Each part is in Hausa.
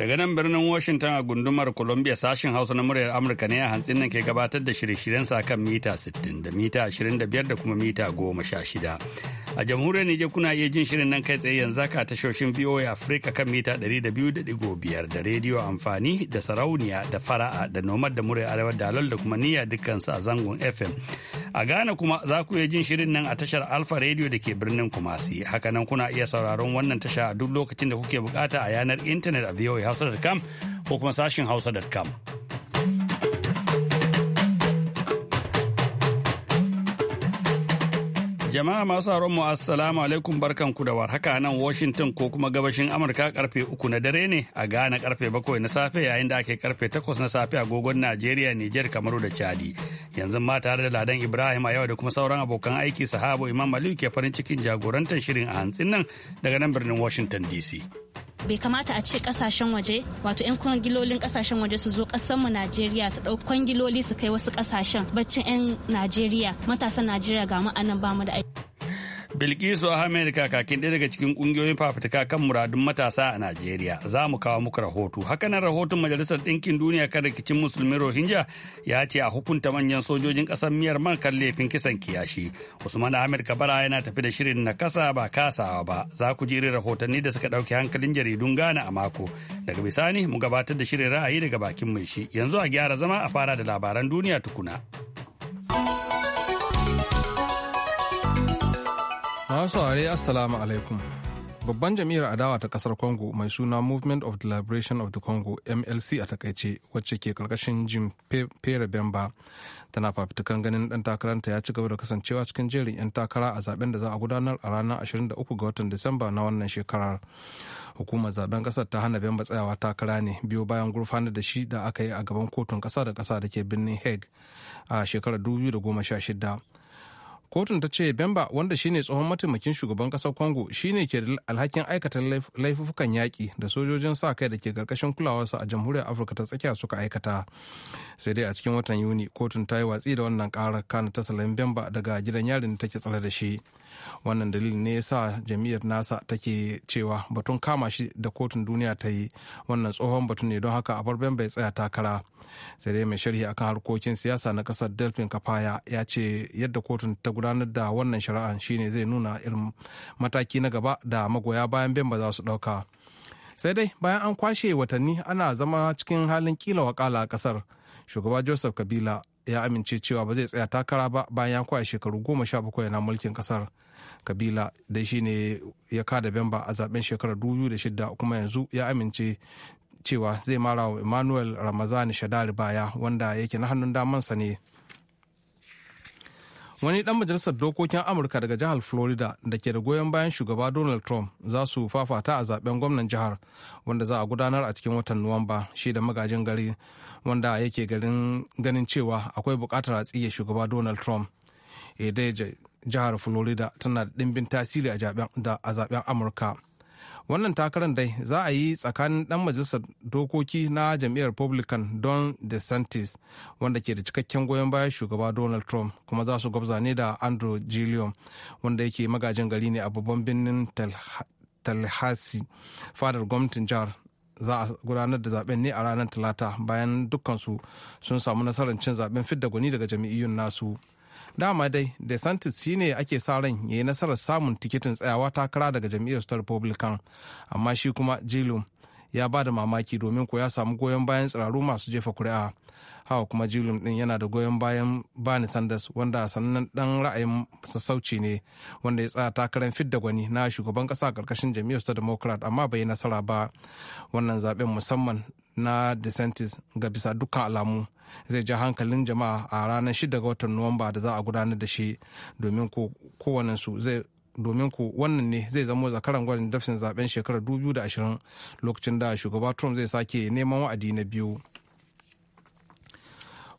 Daga nan birnin Washington a gundumar Columbia sashen Hausa na muryar Amurka ne a hantsin nan ke gabatar da shirye-shiryen sa kan mita 60 da mita 25 da kuma mita 16. A jamhuriyar Nijar kuna iya jin shirin nan kai tsaye yanzu ka tashoshin VOA Africa kan mita 200.5 da rediyo amfani da sarauniya da fara'a da nomad da murai arewa da da kuma niyya dukkansu a zangon FM. A Ghana kuma za ku iya jin shirin nan a tashar Alpha Radio da ke birnin Kumasi. Haka nan kuna iya sauraron wannan tasha a duk lokacin da kuke bukata a yanar intanet a voahausa.com ko kuma sashin hausa.com. Jama'a masu haron mu assalamu alaikum barkanku da warhaka nan Washington ko kuma gabashin Amurka karfe uku na dare ne a gane karfe bakwai na safe yayin da ake karfe takwas na safe a gogon Najeriya, Niger, Kamaru da Chadi. Yanzu ma tare da Ladan Ibrahim a yau da kuma sauran abokan aiki sahabo Imam Aliyu ke farin cikin jagorantar shirin a hantsin nan daga nan birnin Washington DC. bai kamata a ce kasashen waje wato 'yan kwangilolin kasashen waje su zo mu najeriya su ɗau kwangiloli su kai wasu kasashen baccin 'yan najeriya matasan najeriya ga mu anan ba mu da aiki Bilkisu Amerika kakakin ɗaya daga cikin ƙungiyoyin fafutuka kan muradun matasa a Najeriya za mu kawo muku rahoto. Hakanan rahoton Majalisar Ɗinkin Duniya kan rikicin Musulmin Rohingya ya ce a hukunta manyan sojojin ƙasar miyar man kan laifin kisan kiyashi. Usman Ahmed Kabara yana tafi da shirin na kasa ba kasawa ba. Za ku ji irin rahotanni da suka ɗauki hankalin jaridun Ghana a mako. Daga bisani mu gabatar da shirin ra'ayi daga bakin mai shi. Yanzu a gyara zama a fara da labaran duniya tukuna. Masu saurare Assalamu alaikum. Babban jam'iyyar adawa ta kasar Congo mai suna Movement of the Liberation of the Congo MLC a takaice wacce ke karkashin Jim Pere Bemba tana fafitukan ganin dan takaranta ya ci gaba da kasancewa cikin jerin 'yan takara a zaben da za a gudanar a ranar 23 ga watan Disamba na wannan shekarar. Hukumar zaben kasar ta hana Bemba tsayawa takara ne biyo bayan gurfanar da shi da aka yi a gaban kotun kasa da kasa da ke birnin Hague a shekarar 2016. kotun ta ce bemba wanda shine tsohon mataimakin shugaban kasar congo shine ke da alhakin aikata laifukan yaƙi da sojojin sa kai da ke karkashin kulawarsa a jamhuriyar afirka ta tsakiya suka aikata sai dai a cikin watan yuni kotun ta yi watsi da wannan karar kana ta salami bemba daga gidan yarin da take tsare da shi wannan dalilin ne yasa jam'iyyar nasa take cewa batun kama shi da kotun duniya ta yi wannan tsohon batun ne don haka a bar bemba ya tsaya takara sai dai mai sharhi akan harkokin siyasa na kasar delphine kafaya ya ce yadda kotun ta gudanar da wannan shari'an shine zai nuna irin mataki na gaba da magoya bayan bemba za su ɗauka sai dai bayan an kwashe watanni ana zama cikin halin kila wakala a kasar shugaba joseph kabila ya amince cewa ba zai tsaya takara ba bayan ya kwaya shekaru goma sha bakwai na mulkin kasar kabila da shi ne ya kada bemba a zaben shekarar dubu da shida kuma yanzu ya amince cewa zai mara wa emmanuel ramazani shadari baya wanda yake na hannun damansa ne wani dan majalisar dokokin amurka daga jihar florida da ke da goyon bayan shugaba donald trump za su fafata a zaben gwamnan jihar wanda za a gudanar a cikin watan nuwamba shi da magajin gari wanda yake ganin cewa akwai bukatar a tsige shugaba donald trump jihar florida tana da dimbin tasiri a zaben amurka wannan takarar dai za a yi tsakanin dan majalisar dokoki na jam'iyyar republican don desantis wanda ke da cikakken goyon baya shugaba donald trump kuma za su gwabza ne da andrew gilliam wanda yake magajin gari ne a babban birnin tallahassee fadar gwamnatin jihar za a gudanar da zaben ne a ranar talata bayan dukkansu sun samu nasarar cin zaben fidda gwani daga jam'iyyun nasu. dama dai desantis shine ake sa ran ya yi nasarar samun tikitin tsayawa takara daga jam'iyyar ta republican amma shi kuma jilum ya ba da mamaki domin ko ya samu goyon bayan tsiraru masu jefa kuri'a hawa kuma jilum din yana da goyon bayan bani sanders wanda sannan dan ra'ayin sassauci ne wanda ya tsaya takarar fit da gwani na shugaban kasa karkashin jam'iyyar ta democrat amma bai nasara ba wannan zaben musamman na DeSantis ga bisa dukkan alamu zai ja hankalin jama'a a ranar 6 ga watan Nuwamba da za a gudanar da shi domin ko kowanensu zai domin ku wannan ne zai zama zakaran gwarin dafin zaben shekarar 2020 lokacin da shugaba trump zai sake neman wa'adi na biyu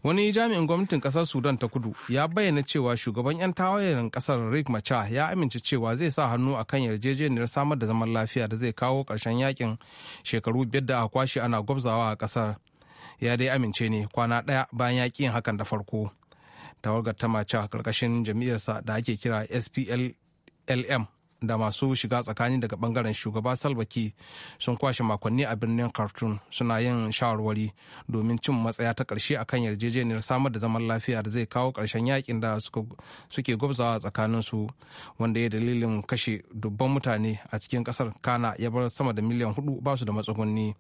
wani jami'in gwamnatin kasar sudan ta kudu ya bayyana cewa shugaban 'yan tawayen kasar rick macha ya amince cewa zai sa hannu a kan yarjejeniyar samar da zaman lafiya da zai kawo ƙarshen yakin shekaru biyar da aka kwashe ana gwabzawa a kasar ya dai amince ne kwana ɗaya bayan yakin hakan da farko tawagar ta macha ƙarƙashin jam'iyyarsa da ake kira splm da masu shiga tsakani daga bangaren shugaba salbaki sun kwashe makonni a birnin khartoum suna yin shawarwari domin cin matsaya ta karshe kan yarjejeniyar samar da zaman lafiya da zai kawo karshen yakin da suke gwabzawa tsakanin su wanda ya dalilin kashe dubban mutane a cikin ƙasar kana ya bar sama da miliyan hudu basu da matsugunni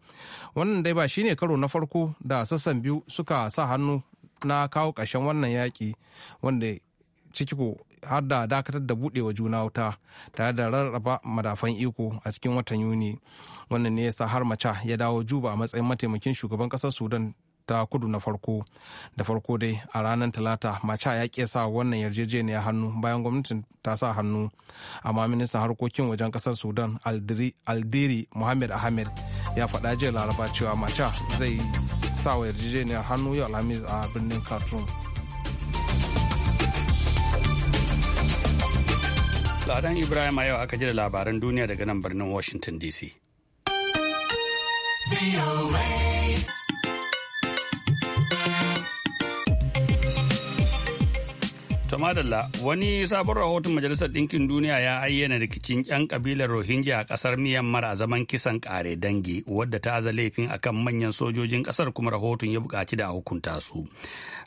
wannan dai ba shine karo na farko da sassan biyu suka sa hannu na kawo ƙarshen wannan yaƙi wanda cikiko har da dakatar da buɗewa juna wuta tare da rarraba madafan iko a cikin watan yuni wannan ne yasa har maca ya dawo juba a matsayin mataimakin shugaban kasar sudan ta kudu na farko da farko dai a ranar talata maca ya ke sa wannan yarjejeniyar hannu bayan gwamnatin ta sa hannu amma ministan harkokin wajen kasar sudan aldiri muhammad ahmed ya faɗa jiya laraba cewa maca zai sa wa yarjejeniyar hannu yau alhamis a birnin khartoum Ladan Ibrahim a yau aka ji da labaran duniya daga nan birnin Washington DC. Tamadalla wani sabon rahoton Majalisar Ɗinkin Duniya ya ayyana rikicin 'yan kabilar Rohingya a kasar Myanmar a zaman kisan kare dangi wadda ta aza laifin akan manyan sojojin ƙasar kuma rahoton ya bukaci da hukunta su.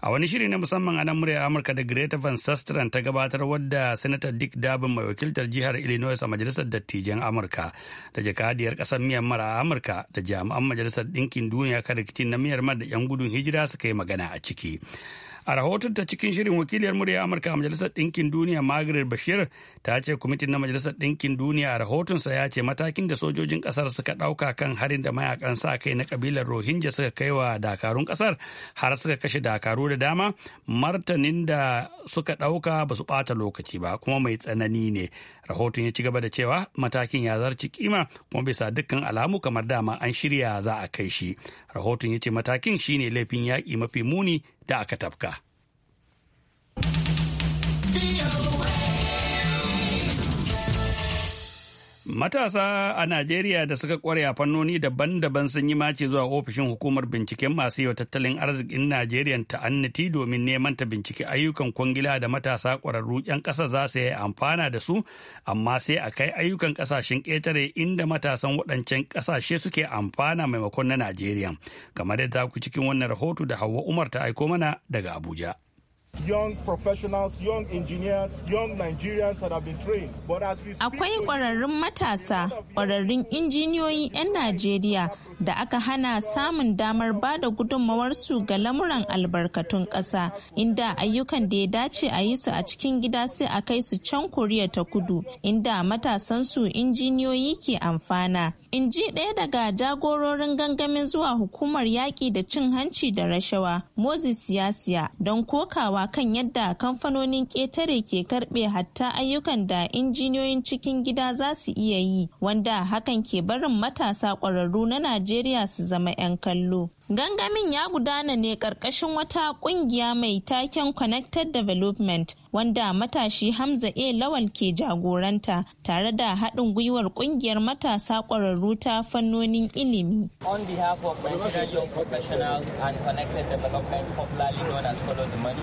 A wani shiri na musamman a nan murya Amurka da Greta Van sastran ta gabatar wadda Senator Dick Durbin mai wakiltar jihar Illinois a Majalisar Dattijan Amurka da jakadiyar kasar Myanmar a Amurka da jami'an Majalisar Ɗinkin Duniya kan rikicin na Myanmar da 'yan gudun hijira suka yi magana a ciki. a rahoton ta cikin shirin wakiliyar murya amurka a majalisar ɗinkin duniya margaret bashir ta ce kwamitin na majalisar ɗinkin duniya a rahotonsa ya ce matakin da sojojin ƙasar suka ɗauka kan harin da mayakan sa kai na kabilar rohingya suka kai wa dakarun ƙasar har suka kashe dakaru da dama martanin da suka ɗauka ba su ɓata lokaci ba kuma mai tsanani ne rahoton ya ci gaba da cewa matakin ya zarci kima kuma bisa dukkan alamu kamar dama an shirya za a kai shi rahoton ya ce matakin shine laifin yaƙi mafi muni da aka tafka. Matasa a Najeriya da suka kware a fannoni daban-daban sun yi mace zuwa ofishin hukumar binciken masu yau tattalin arzikin Najeriya ta annati domin neman ta bincike ayyukan kwangila da matasa ƙwararru 'yan ƙasa za su yi amfana da su, amma sai a kai ayyukan ƙasashen ƙetare inda matasan waɗancan ƙasashe suke amfana maimakon na Najeriya. Kamar da ku cikin wannan rahoto da Hauwa Umar ta aiko mana daga Abuja. young professionals, young engineers, Akwai ƙwararrun matasa, ƙwararrun injiniyoyi 'yan Najeriya da aka hana samun damar ba da su ga lamuran albarkatun ƙasa, inda ayyukan da ya dace a yi su a cikin gida sai a kai su can Koriya ta kudu, inda matasan su injiniyoyi ke amfana. in ji ɗaya daga jagororin gangamin zuwa hukumar yaƙi da cin hanci da rashawa moses siyasiya don kokawa kokawa kan yadda kamfanonin ƙetare ke karɓe hatta ayyukan da injiniyoyin cikin gida za su iya yi wanda hakan ke barin matasa ƙwararru na najeriya su zama 'yan kallo Gangamin ya gudana ne ƙarƙashin wata ƙungiya mai taken Connected Development wanda matashi Hamza A. Lawal ke jagoranta tare da haɗin gwiwar ƙungiyar matasa ƙwararru ta fannonin ilimi. On behalf of Nigerian Young Professionals and Connected Development, popularly known as Follow the Money,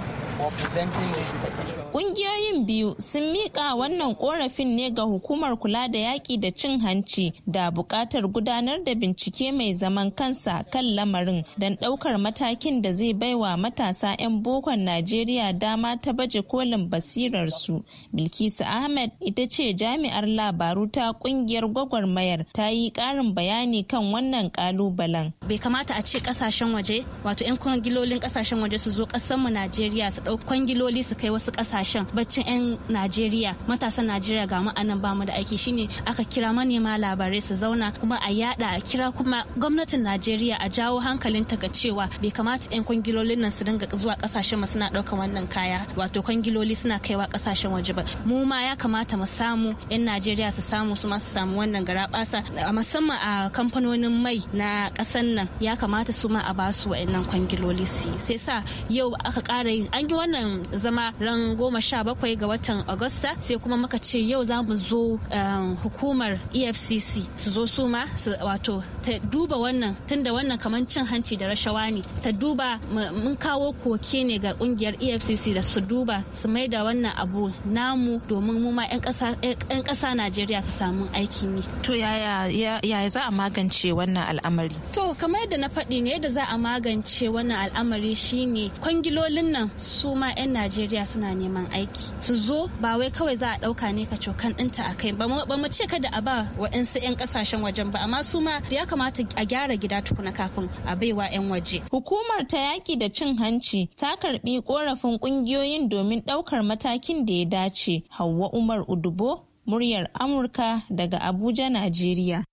Ƙungiyoyin biyu sun miƙa wannan ƙorafin ne ga hukumar kula da yaƙi da cin hanci da buƙatar gudanar da bincike mai zaman kansa kan lamarin don ɗaukar matakin da zai baiwa matasa 'yan bokon Najeriya dama ta baje kolin basirarsu. Bilkisu Ahmed ita ce jami'ar labaru ta ƙungiyar gwagwarmayar ta yi ƙarin bayani kan wannan ƙalubalen. Bai kamata a ce ƙasashen waje wato 'yan kwangilolin ƙasashen waje su zo ƙasarmu Najeriya su kwangiloli su kai wasu kasashen baccin 'yan Najeriya matasan Najeriya ga mu anan bamu da aiki shine aka kira manema labarai su zauna kuma a yada a kira kuma gwamnatin Najeriya a jawo hankalin ta ga cewa bai kamata 'yan kwangilolin nan su dinga zuwa kasashen mu suna ɗaukan wannan kaya wato kwangiloli suna kaiwa kasashen waje ba mu ma ya kamata mu samu 'yan Najeriya su samu su ma su samu wannan garaɓasa musamman a kamfanonin mai na ƙasan nan ya kamata su ma a basu wa'annan kwangiloli su sai sa yau aka kara yin an yi wannan zama ran goma sha bakwai ga watan agusta sai kuma muka ce yau za mu zo um, hukumar efcc su zo su ma wato ta duba wannan tunda wannan kamar cin hanci da rashawa ne ta duba mun kawo koke ne ga kungiyar efcc da su duba su mai da wannan abu namu domin mu ma 'yan kasa najeriya su samu aikin yi to yaya za a magance wannan al'amari to kamar yadda na faɗi ne yadda za a magance wannan al'amari shine kwangilolin nan su su ma 'yan najeriya suna neman aiki su zo ba wai kawai za a ɗauka ne ka cokan ɗinta a kai ba mu ce kada a ba wa 'yan kasashen wajen ba amma su ma ya kamata a gyara gida tukuna kafin a baiwa 'yan waje hukumar ta yaki da cin hanci ta karbi korafin kungiyoyin domin ɗaukar matakin da ya dace hauwa umar udubo muryar amurka daga abuja najeriya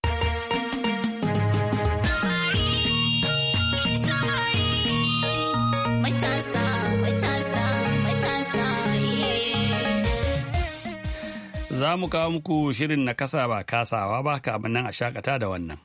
Za mu kawo muku shirin na kasa ba kasawa ba kamin nan a shakata da wannan.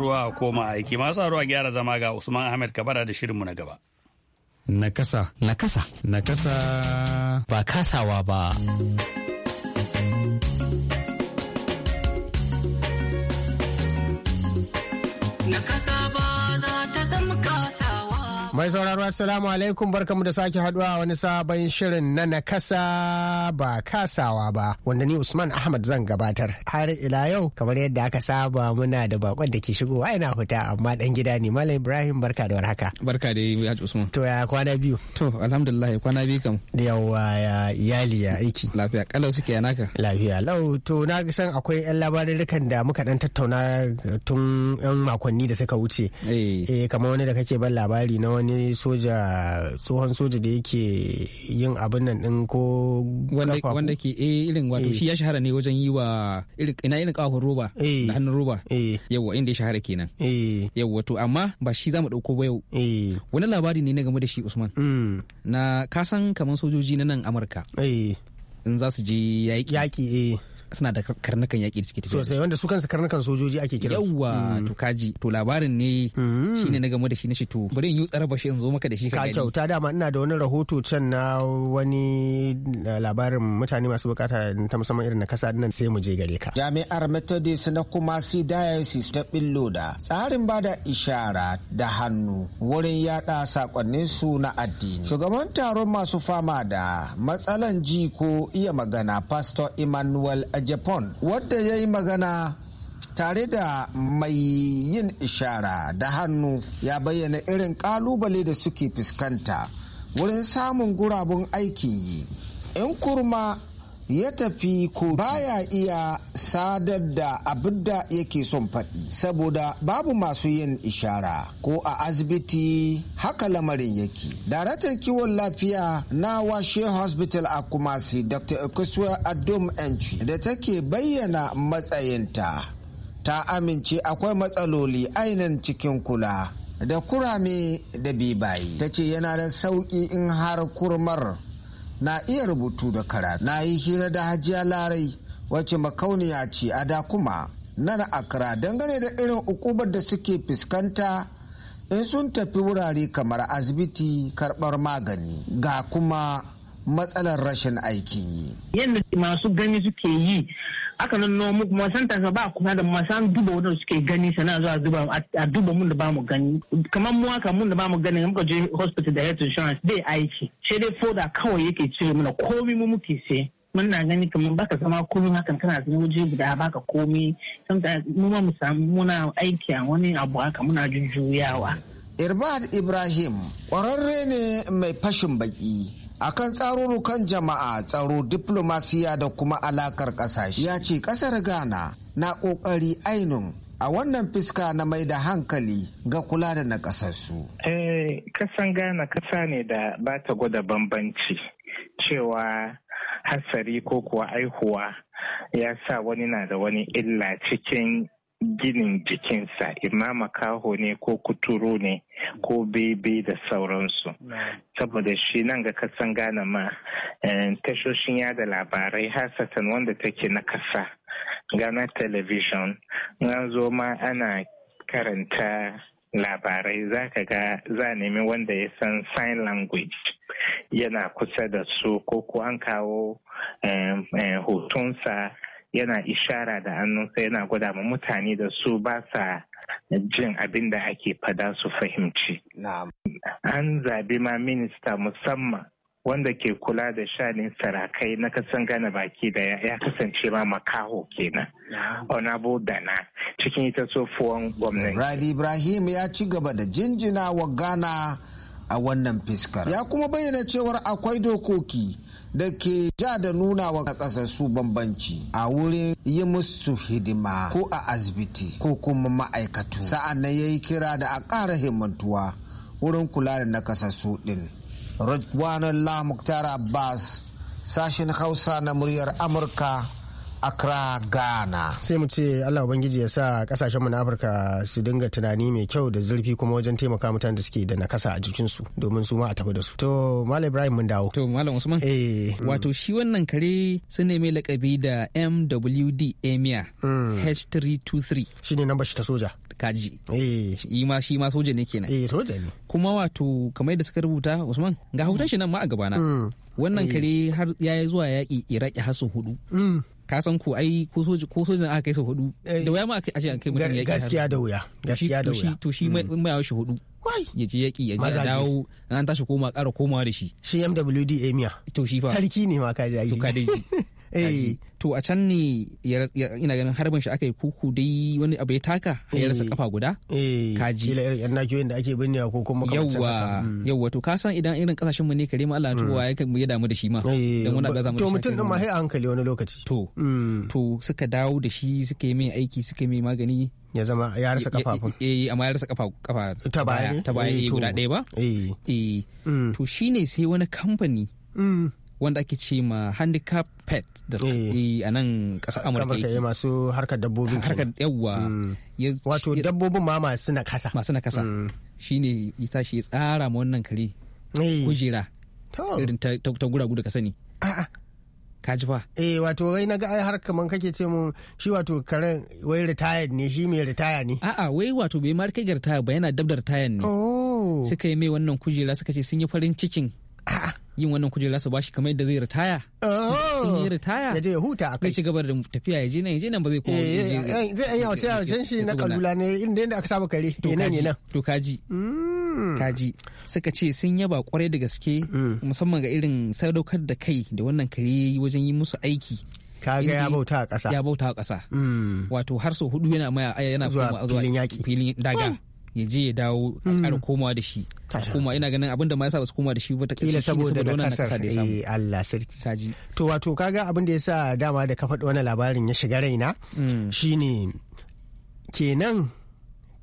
aro a koma aiki masu aro a gyara zama ga Usman Ahmed Kabara da shirinmu na gaba. Nakasa. Nakasa. Nakasa. Ba kasawa ba. Nakasa. Mai sauraro Assalamu alaikum barkamu da sake haduwa a wani sabon shirin na nakasa ba kasawa ba wanda ni Usman Ahmad zan gabatar. Har ila yau kamar yadda aka saba muna da bakon da ke shigowa ina huta amma dan gida ne Malam Ibrahim barka da warhaka. Barka da yi Usman. To ya kwana biyu. To alhamdulillah kwana biyu kam. yawa ya iyali ya aiki. Lafiya kalau suke yana naka. Lafiya lau to na san akwai yan labarurukan da muka dan tattauna tun yan makonni da suka wuce. Eh. eh kamar wani da kake ban labari na wani ne soja tsohon soja da yake yin abin nan din ko wanda ke eh irin wato eh. shi ya shahara ne wajen yi wa ina irin kafin roba eh. da hannun roba eh. yawa inda ya shahara kenan yawa to amma ba shi za mu dauko ba yau wani labari ne na game da shi Usman hmm. na kasan kaman sojoji na nan Amurka in za su je yaƙi suna da karnukan yaƙi da suke tafiya sosai wanda su kansu karnukan sojoji ake kira Yawwa mm. to kaji to labarin ne mm. Shi ne na game da shi na shi to bari in yi tsara bashi in zo maka da shi ka kyauta dama ina da wani rahoto can na wani eh, labarin mutane masu bukata ta musamman irin na kasa nan sai mu je gare ka jami'ar methodist na kumasi diocese ta billo da tsarin bada ishara da hannu wurin yada sakonnin su na addini shugaban taron masu fama da matsalan ji ko iya magana pastor emmanuel japan wadda ya yi magana tare da mai yin ishara da hannu ya bayyana irin kalubale da suke fuskanta wurin samun gurabun aikin yi in kurma ya tafi ko baya iya sadar da abin da yake son faɗi saboda babu masu yin ishara ko a asibiti haka lamarin yake daraktan kiwon lafiya na washe hospital a kumasi dr ekuswa adom enchi da take bayyana matsayinta ta amince akwai matsaloli ainihin cikin kula da kurame da bibayi ta ce yana da sauƙi in har kurmar na iya rubutu da karatu na yi hira da hajiya larai wacce makauniya ce a da kuma na akra dangane da irin ukubar da suke fuskanta in sun tafi wurare kamar asibiti karbar magani ga kuma matsalar rashin aikin yi yadda masu gani suke yi aka nanno muku tasa ba kuma da masan duba wadanda suke gani sana zuwa duba a duba mun da ba mu gani kamar mu haka mun da ba mu gani muka je hospital da health insurance dai aiki sai dai foda kawai yake cire mana komi mu muke sai muna gani kamar baka zama komi hakan kana zama waje guda baka komi mu ma mu samu muna aiki a wani abu haka muna jujjuyawa Irbad Ibrahim ƙwararre ne mai fashin baki akan tsarurrukan jama'a tsaro diplomasiya da kuma alakar ƙasashe ya ce ƙasar ghana na ƙoƙari ainun a wannan fiska na mai da hankali ga kula da na Eh, kasan Ghana kasa ne da ba ta gwada bambanci cewa hatsari ko kuwa aihuwa ya sa wani na da wani illa cikin ginin jikinsa imama kaho ne ko kuturu ne ko bebe da sauransu saboda shi nan ga kasan gana ma eh, tashoshin yada labarai hasatan wanda take na kasa gana television an zo ma ana karanta labarai za ka ga za nemi wanda ya san sign language yana kusa da su ko ko an kawo eh, eh, hotonsa yana ishara da hannunsa yana gwada ma mutane da su ba sa jin abin da ake fada su fahimci. An zabi ma minista musamman wanda ke kula da shanin sarakai na kasan gane baki da ya kasance ma makaho kenan. Onabo Dana cikin ita tsofuwan gwamnati. Radi Ibrahim ya ci gaba da jinjina wa Ghana a wannan fiskar. Ya kuma bayyana cewar akwai dokoki. da ke ja da nuna wa su bambanci a wurin yi musu hidima ko a asibiti ko kuma ma'aikatu sa'an nan ya yi kira da a ƙara himantuwa wurin kula da nakasassu ɗin. Rajwanullah Muktar Abbas sashen Hausa na muryar Amurka Accra, Ghana. Sai mu ce Allah Ubangiji ya sa kasashenmu na Afirka su dinga tunani mai kyau da zurfi kuma wajen taimaka mutanen da suke da nakasa a jikinsu domin su ma a tafi da su. To Malam Ibrahim mun dawo. To Malam Usman. Eh. Wato shi wannan kare sun nemi lakabi da MWD Emia H323. Shi ne namba shi ta soja. Kaji. Eh. Shi ma shi ma soja ne kenan. Eh soja ne. Kuma wato kamar yadda suka rubuta Usman ga hoton shi nan ma a gabana. Hmm. Wannan eh. kare har ya zuwa yaƙi Iraki hasu hudu. Hmm. ka san ku ai ko sojin aka kai sau hudu eh. da waya ma aka ce an kai mutum yaƙi gaskiya da wuya gaskiya da wuya to shi mai yawa mm. shi hudu ya je yaƙi ya je dawo an tashi koma kara komawa da shi shi MWD Emia to shi fa sarki ne ma ka ji to ka dai Eh, to a can ne ina ganin harbin shi aka yi kuku dai wani abu ya taka ya rasa eh. kafa guda eh, kaji kila irin yan nakiyoyin da ake binne ko kuma yawa yawa hmm. to ka san idan irin kasashen mu ne kare mu Allah tuwa ya hmm. ya damu da shi ma dan muna ga zamu to mutun din ma sai a hankali wani lokaci to hmm. to suka dawo da shi suka yi mai aiki suka yi mai magani ya zama ya rasa kafafun eh amma ya rasa kafa kafa ta baya ta baya guda ɗaya ba eh to shine sai wani kamfani wanda ake ce ma handicap pet da eh. a nan kasar amurka yake masu harkar dabbobi harkar yawa mm. wato dabbobin ma masu na kasa masu na kasa mm. shine ya tashi ya tsara ma wannan kare eh. kujera irin ta guragu da ka sani ka ji fa eh wato wai naga ai har kaman kake ce mun shi wato karen wai retired ne shi mai retire ne a'a wai wato bai ma kai ga retire ba yana dab da retire ne oh suka yi mai wannan kujera suka ce sun yi farin cikin a'a yin wannan kujera su bashi kamar yadda zai ritaya. Oh, yi ritaya. Ya je ya huta a kai. Zai ci gaba da tafiya ya je nan ya je nan ba zai koma. Eh, eh, zai yi a can shi na kalula ne inda yadda aka saba kare. To kaji. To kaji. Hmm. Kaji. Suka ce sun yaba kwarai da gaske hmm. musamman ga irin sadaukar da kai da wannan kare wajen yi musu aiki. kaga ya bauta a ƙasa ya bauta a ƙasa hmm. wato har sau hudu yana maya yana zuwa filin yaƙi. filin daga ya je ya dawo a ƙara komawa da shi koma ina ganin abinda da ma yasa ba su koma da shi ba ta kila saboda da kasar eh Allah sarki kaji to wato kaga abin da yasa dama da ka faɗi wannan labarin ya shiga raina mm. shine kenan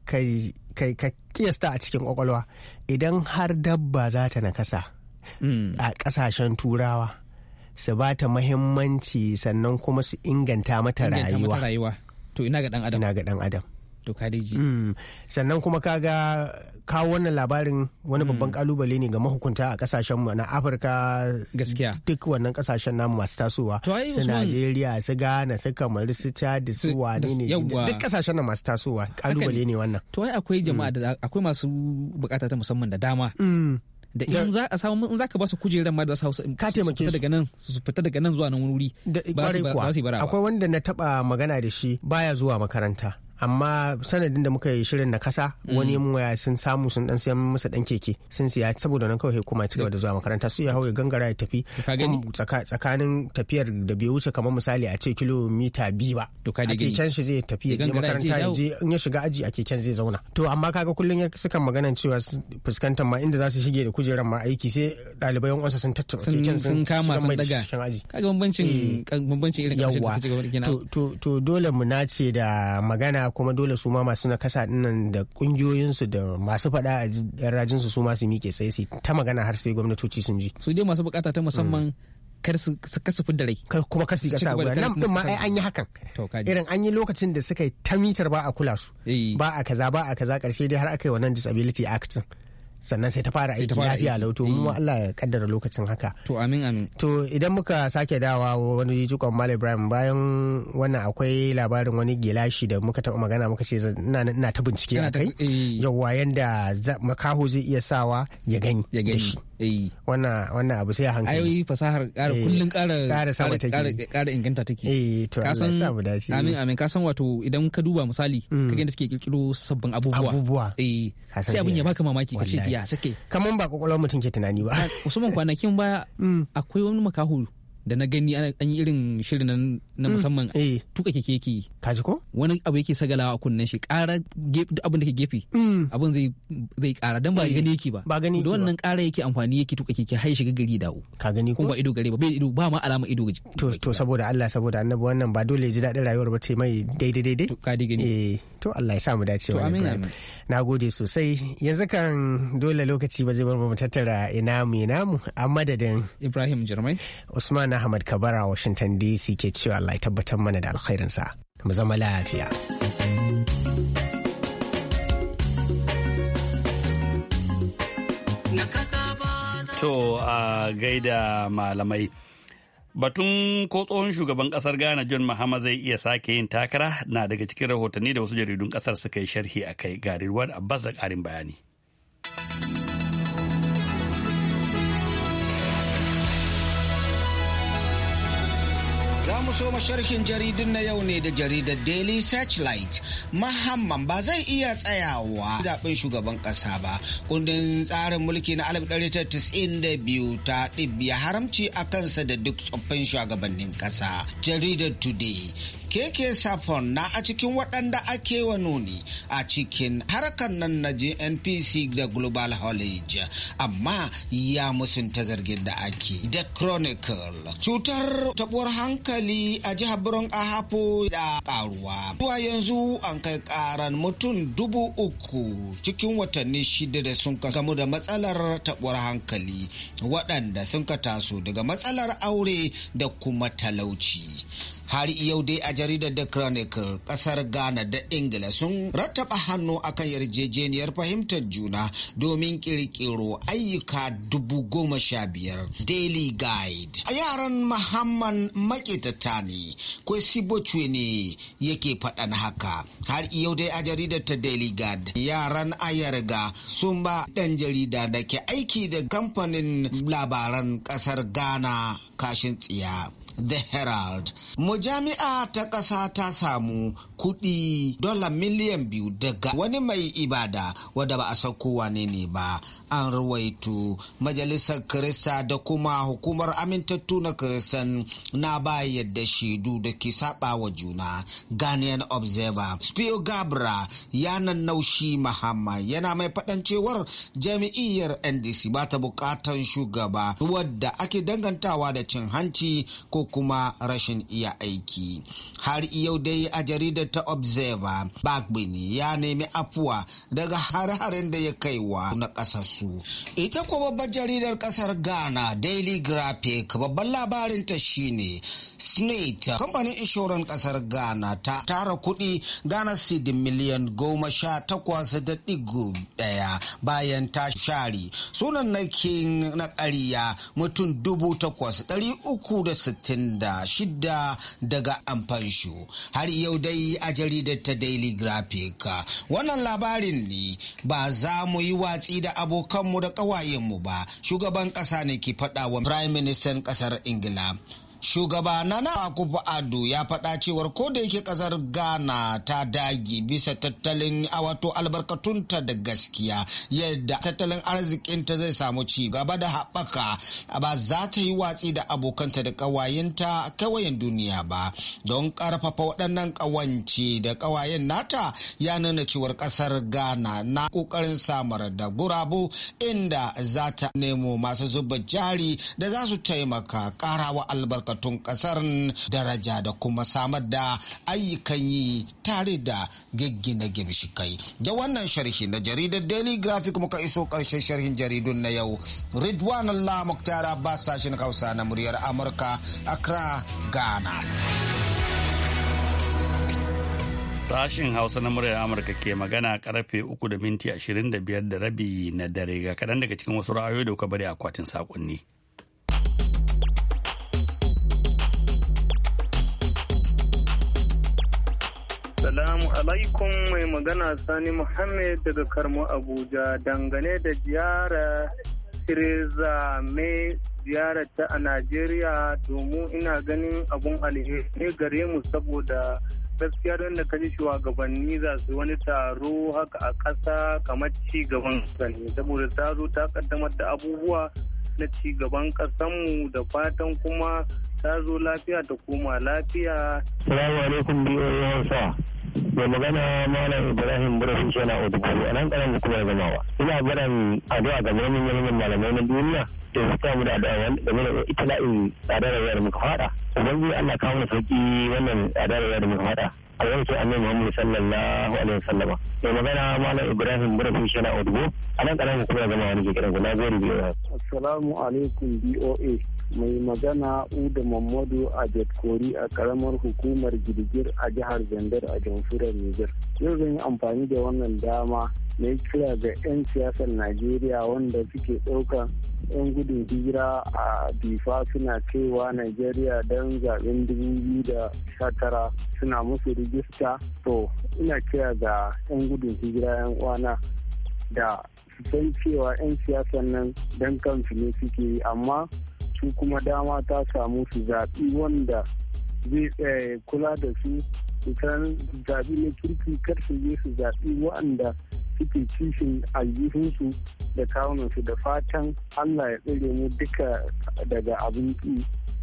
kai kai ka kiyasta a cikin kwakwalwa idan har dabba za ta nakasa mm. a kasashen turawa su ba ta muhimmanci sannan kuma su inganta mata rayuwa to ina ga dan adam ina ga dan adam to kadiji mm. sannan kuma kaga kawo wannan labarin wani mm. babban kalubale ne ga mahukunta a kasashen mu na afirka gaskiya duk wannan kasashen namu masu tasowa su najeriya su ghana su kamar su chad su wane ne duk kasashen nan masu tasowa kalubale ne wannan to ai akwai mm. jama'a da akwai masu bukata ta musamman da dama da in za a samu in za ka ba su kujerar ma da za su ka taimake su daga nan su fita daga nan zuwa nan wuri ba su bara akwai wanda na taba magana da shi baya zuwa makaranta amma sanadin da muka yi shirin na kasa wani mun waya sun samu sun dan sayan musa dan keke sun siya saboda nan kawai kuma ci gaba da zuwa makaranta su ya hau ya gangara ya tafi tsakanin tafiyar da bai wuce kamar misali a ce kilomita biyu ba a keken shi zai tafi ya je makaranta ya je in ya shiga aji a keken zai zauna to amma kaga kullum ya sukan maganan cewa fuskantar ma inda za su shige da kujerar ma aiki sai ɗalibai yan uwansa sun tattaba keken sun kama sun daga cikin aji kaga bambancin eh. bambancin irin da gina to dole mu nace da magana kuma dole su ma masu nakasa dinnan da kungiyoyinsu da masu faɗa a yan rajinsu su ma su miƙe tsaye su ta magana har sai gwamnatoci sun ji su dai masu bukata ta musamman mm. kar su kasu da rai kuma kasi kasa guda nan din ma ai an yi hakan irin an yi lokacin da suka yi ta mitar ba a kula su eh. ba a kaza ba a kaza karshe dai har aka yi wannan disability act sannan sai ta fara aiki lafiya lauto mu eh. Allah ya kaddara lokacin haka to amin amin to idan muka sake dawa wani jikon mal Ibrahim bayan wannan akwai labarin wani gilashi da muka taɓa magana muka ce ina ta bincike akai eh. yauwa yanda makaho zai iya sawa ya gani da shi Eh. wannan abu sai a hankali ayoyi fasahar ƙara eh, kullun ƙara kara take ƙara inganta take eh to Allah ya mu amin amin ka san wato idan ka duba misali mm. gani da suke kirkiro sabbin abubuwa abubuwa eh sai abin ya baka mamaki ka ce ya sake kaman ba kokolon mutum ke tunani ba Usman kwanakin baya mm. akwai wani makaho da na gani an yi irin shirin na mm. musamman eh. tuka keke ki. kaji ko wani abu yake sagalawa a kunnen shi ƙara duk abin da ke gefe mm. abin zai kara ƙara dan ba eh. gani yake ba ba gani da wannan ƙara yake amfani yake tuka keke har shiga gari dawo ka gani ko ba ido gare ba bai ido ba ma alama ido to to saboda Allah saboda annabi wannan ba dole ji daɗin rayuwar ba ta mai daidai daidai ka dai gani eh, to Allah ya sa mu dace wa na gode sosai yanzu kan dole lokaci ba zai bar mu tattara ina mu ina mu a madadin Ibrahim Jirmai Usman Ahmad Kabara Washington DC ke cewa Allah ya tabbatar mana da alkhairinsa. Mu zama lafiya. To a gaida malamai. Batun ko tsohon shugaban kasar Ghana John Mahama zai iya sake yin takara na daga cikin rahotanni da wasu jaridun kasar suka yi sharhi a kai gariruwar Abbas da karin bayani. so sharhin jaridun na yau ne da jaridar Daily Searchlight. Mahamman ba zai iya tsayawa zaɓen shugaban ƙasa ba. Kundin tsarin mulki na 1992 ta ɗibiya haramci a kansa da duk tsoffin shugabannin ƙasa Jaridar Today keke safon na a cikin waɗanda ake wa nuni a cikin harkar nan na gnpc da global college amma ya musunta zargin da ake the chronicle cutar tabuwar hankali a jihar birnin ahafo da karuwa zuwa yanzu an kai karan mutum dubu uku cikin watanni shida da sun kamu da matsalar tabuwar hankali waɗanda sun ka taso daga matsalar aure da kuma talauci har yau dai a jaridar The Chronicle kasar Ghana da Ingila sun rattaba hannu akan yarjejeniyar fahimtar juna domin kirkiro ayyuka dubu goma sha biyar Daily Guide. A yaran Muhammad Makitata ne, kwai Bochwe ne yake faɗan haka. Har yau dai a jaridar ta Daily Guide yaran Ayarga sun ba ɗan jarida da ke aiki da kamfanin labaran ƙasar Ghana kashin tsiya. The Herald. Mujami'a ta ƙasa ta samu kuɗi dola miliyan biyu daga wani mai ibada wadda ba a san wane ne ba. An ruwaito majalisar Kirista da kuma hukumar amintattu na Kiristan na ba yadda shaidu da ke saba wa juna. Ghanaian Observer. Spio Gabra ya naushi Mahama yana mai faɗan cewar jami'iyyar NDC ba ta buƙatan shugaba wadda ake dangantawa da cin hanci ko kuma rashin iya aiki har yau dai a jaridar ta observer bagbin ya nemi afuwa daga har-haren da ya kaiwa na ƙasarsu ita kuma babbar jaridar ƙasar ghana daily graphic babban labarinta shine snit kamfanin inshoran ƙasar ghana ta tara kuɗi ghana seed miliyan goma sha takwas da digo daya bayan ta share sunan na na ƙarya mutum dubu takwas ɗari uku da sittin 36 shida daga amfanshu har yau dai a jaridar ta daily graphic wannan labarin ne ba za mu yi watsi da abokanmu da ƙawayenmu ba shugaban ƙasa ne ke faɗa wa prime minister ƙasar ingila Shugaba Nana akufu Ado ya faɗa cewar ko da yake ƙasar Ghana ta dage bisa tattalin wato albarkatunta da gaskiya yadda tattalin arzikinta zai samu ci gaba da haɓaka ba za ta yi watsi da abokanta da ƙawayenta kawayen duniya ba don ƙarfafa waɗannan ƙawance da ƙawayen nata ya nuna cewar ƙasar Ghana na ƙoƙarin samar da gurabu inda za ta nemo masu zuba jari da za su taimaka ƙarawa albarka albarkatun kasar daraja da kuma samar da ayyukan yi tare da gaggina gimshikai da wannan sharhi na jaridar daily graphic muka iso karshen sharhin jaridun na yau ridwan allah muktar abbas sashen hausa na muryar amurka accra ghana Sashin Hausa na muryar Amurka ke magana karfe 3 da rabi na dare ga kadan daga cikin wasu ra'ayoyi da kuka bari akwatin sakonni. Assalamu alaikum mai magana Sani Muhammad daga Karmo Abuja dangane da ziyara Theresa May ta a Najeriya domin ina ganin abun alheri gare mu saboda gaskiya don da kaji shugabanni za su wani taro haka a ƙasa kamar ci gaban sani saboda ta zo ta kaddamar da abubuwa na ci gaban ƙasanmu da fatan kuma ta zo lafiya ta koma lafiya. Salamu alaikum biyoyi Hausa. da magana Malam Ibrahim Burafin Shana Odubu a nan karan da kuma zama zamawa. Ina baran addu'a ga manyan manyan malamai na duniya da su kamu da addu'a wani da itila'in tsadar rayuwa da muka fada. Ubangiji Allah kawo na sauki wannan tsadar rayuwa da muka fada. A yau ce annabi Muhammad sallallahu alaihi wasallama. da magana Malam Ibrahim Burafin Shana Odubu a nan karan da kuma zamawa nake kiran ku. Na gode biyoyi. Assalamu alaikum BOA. Mai magana Uda Mamadu a a karamar hukumar Girgir a jihar Zandar a jamhuriyar Nijar. Yau zan yi amfani da wannan dama na kira ga 'yan siyasar Najeriya wanda suke ɗaukan 'yan gudun hira a Bifa suna cewa Najeriya don zaɓen 2019 suna musu rijista. To, ina kira ga 'yan gudun hijira 'yan uwana da san cewa 'yan siyasar nan don kansu ne suke yi amma su kuma dama ta samu su zaɓi wanda zai eh, kula da su idan zaɓi na kirki kar su je su zaɓi waɗanda suke kishin aljihunsu da kawunansu da fatan allah ya tsere mu duka daga abin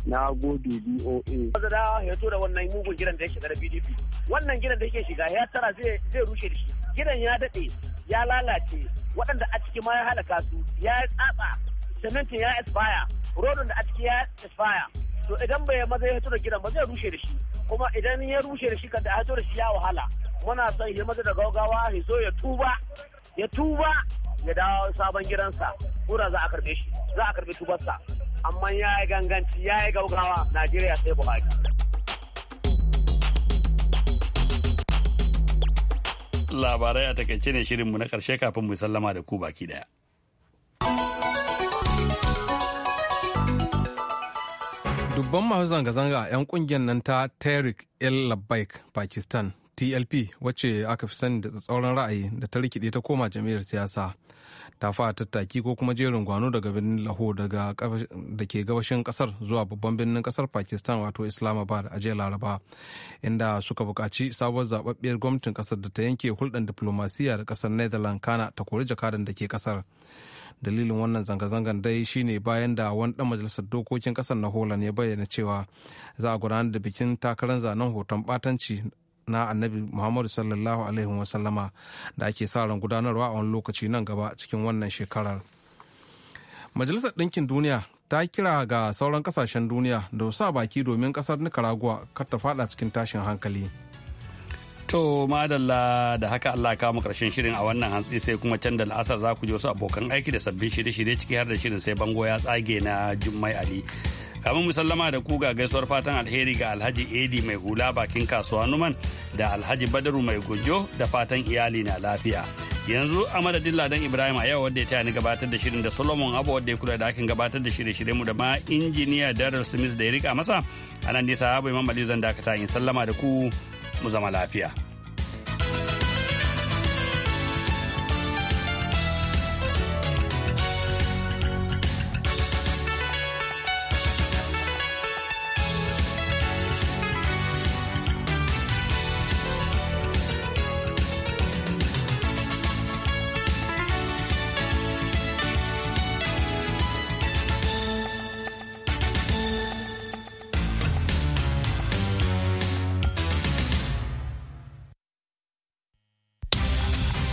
na gode boa wanzu da ya da wannan mugun gidan da ya shiga da pdp wannan gidan da yake shiga ya tara zai rushe da shi gidan ya daɗe ya lalace waɗanda a ciki ma ya halaka su ya tsatsa simintin ya expire rodon da a ciki ya expire to idan bai maza ya hito da gidan ba zai rushe da shi kuma idan ya rushe da shi da a hito da shi ya wahala muna son ya maza da gaugawa ya zo ya tuba ya tuba ya dawo sabon gidansa kura za a karbe shi za a karbe tubarsa amma ya yi ganganci ya yi gaugawa najeriya sai buhari labarai a takaice ne shirinmu na karshe kafin mu sallama da ku baki daya. Dubban masu zanga-zanga a 'yan kungiyar nan ta Tariq El Labbaik Pakistan TLP wacce aka fi sani da tsauran ra'ayi da ta rikide ta koma jami'ar siyasa. Ta fara tattaki ko kuma jerin gwano daga birnin Lahore daga da ke gabashin kasar zuwa babban birnin kasar Pakistan wato Islamabad a jiya Laraba inda suka buƙaci sabuwar zababbiyar gwamnatin kasar da ta yanke hulɗar diplomasiya da kasar Netherlands kana ta kori jakadan da ke kasar. dalilin wannan zanga zangan dai shine bayan da wani dan majalisar dokokin kasar na holland ya bayyana cewa za a gudanar da bikin takarar zanen hoton batanci na annabi muhammadu sallallahu alaihi wasallama da ake sa ran gudanarwa a wani lokaci nan gaba cikin wannan shekarar majalisar ɗinkin duniya ta kira ga sauran ƙasashen duniya da sa baki domin ƙasar nicaragua kar ta faɗa cikin tashin hankali To madalla da haka Allah kawo mu karshen shirin a wannan hantsi sai kuma can da la'asar za ku ji wasu abokan aiki da sabbin shirye-shirye ciki har da shirin sai bango ya tsage na Jummai Ali. Kamar mu sallama da ku ga gaisuwar fatan alheri ga Alhaji Edi mai hula bakin kasuwa Numan da Alhaji Badaru mai gojo da fatan iyali na lafiya. Yanzu a madadin Ladan Ibrahim a yau wadda ya taya ni gabatar da shirin da Solomon Abu wadda ya kula da akin gabatar da shirye-shirye mu da ma injiniya Daryl Smith da ya rika masa. anan nisa Abu Imam Ali zan dakata in sallama da ku mu zama lafiya.